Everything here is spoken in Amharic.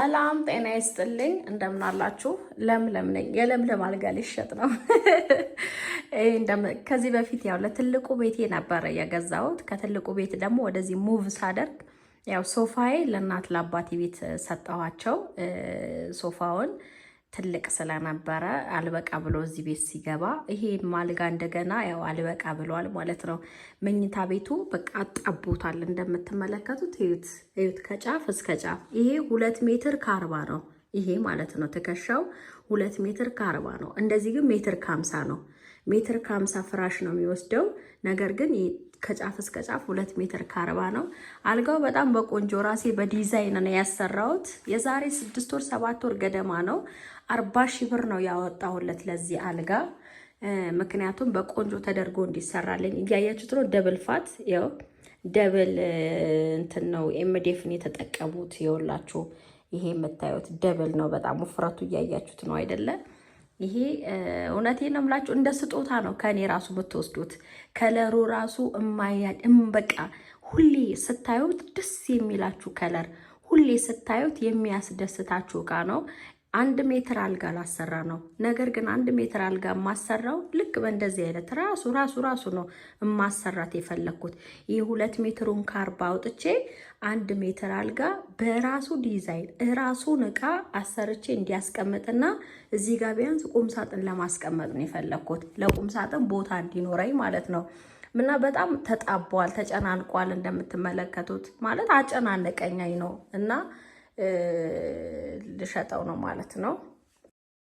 ሰላም ጤና ይስጥልኝ። እንደምን አላችሁ? ለምለም ነኝ። የለምለም አልጋ ሊሸጥ ነው። ከዚህ በፊት ያው ለትልቁ ቤቴ ነበረ የገዛሁት። ከትልቁ ቤት ደግሞ ወደዚህ ሙቭ ሳደርግ ያው ሶፋዬ ለእናት ለአባቴ ቤት ሰጠኋቸው ሶፋውን ትልቅ ስለነበረ አልበቃ ብሎ እዚህ ቤት ሲገባ ይሄ ማልጋ እንደገና ያው አልበቃ ብሏል ማለት ነው። መኝታ ቤቱ በቃ አጣቦታል። እንደምትመለከቱት እዩት፣ እዩት ከጫፍ እስከ ጫፍ ይሄ ሁለት ሜትር ከአርባ ነው። ይሄ ማለት ነው ትከሻው ሁለት ሜትር ከአርባ ነው። እንደዚህ ግን ሜትር ከሀምሳ ነው። ሜትር ከሀምሳ ፍራሽ ነው የሚወስደው። ነገር ግን ከጫፍ እስከ ጫፍ ሁለት ሜትር ከአርባ ነው። አልጋው በጣም በቆንጆ ራሴ በዲዛይን ነው ያሰራሁት። የዛሬ ስድስት ወር ሰባት ወር ገደማ ነው አርባ ሺህ ብር ነው ያወጣሁለት ለዚህ አልጋ። ምክንያቱም በቆንጆ ተደርጎ እንዲሰራልኝ እያያችሁት ነው። ደብል ፋት ው ደብል እንትን ነው ኤምዴፍን የተጠቀሙት የወላችሁ ይሄ የምታዩት ደብል ነው። በጣም ውፍረቱ እያያችሁት ነው አይደለ? ይሄ እውነት ነው የምላችሁ እንደ ስጦታ ነው ከእኔ ራሱ የምትወስዱት። ከለሩ ራሱ እማያል እምበቃ ሁሌ ስታዩት ደስ የሚላችሁ ከለር ሁሌ ስታዩት የሚያስደስታችሁ እቃ ነው። አንድ ሜትር አልጋ ላሰራ ነው። ነገር ግን አንድ ሜትር አልጋ የማሰራው ልክ በእንደዚህ አይነት ራሱ ራሱ ራሱ ነው የማሰራት የፈለግኩት። ይህ ሁለት ሜትሩን ካርባ አውጥቼ አንድ ሜትር አልጋ በራሱ ዲዛይን እራሱን እቃ አሰርቼ እንዲያስቀምጥና እዚህ ጋር ቢያንስ ቁም ሳጥን ለማስቀመጥ ነው የፈለግኩት። ለቁም ሳጥን ቦታ እንዲኖረኝ ማለት ነው። ምና በጣም ተጣቧል፣ ተጨናንቋል። እንደምትመለከቱት ማለት አጨናነቀኛኝ ነው እና ልሸጠው ነው ማለት ነው።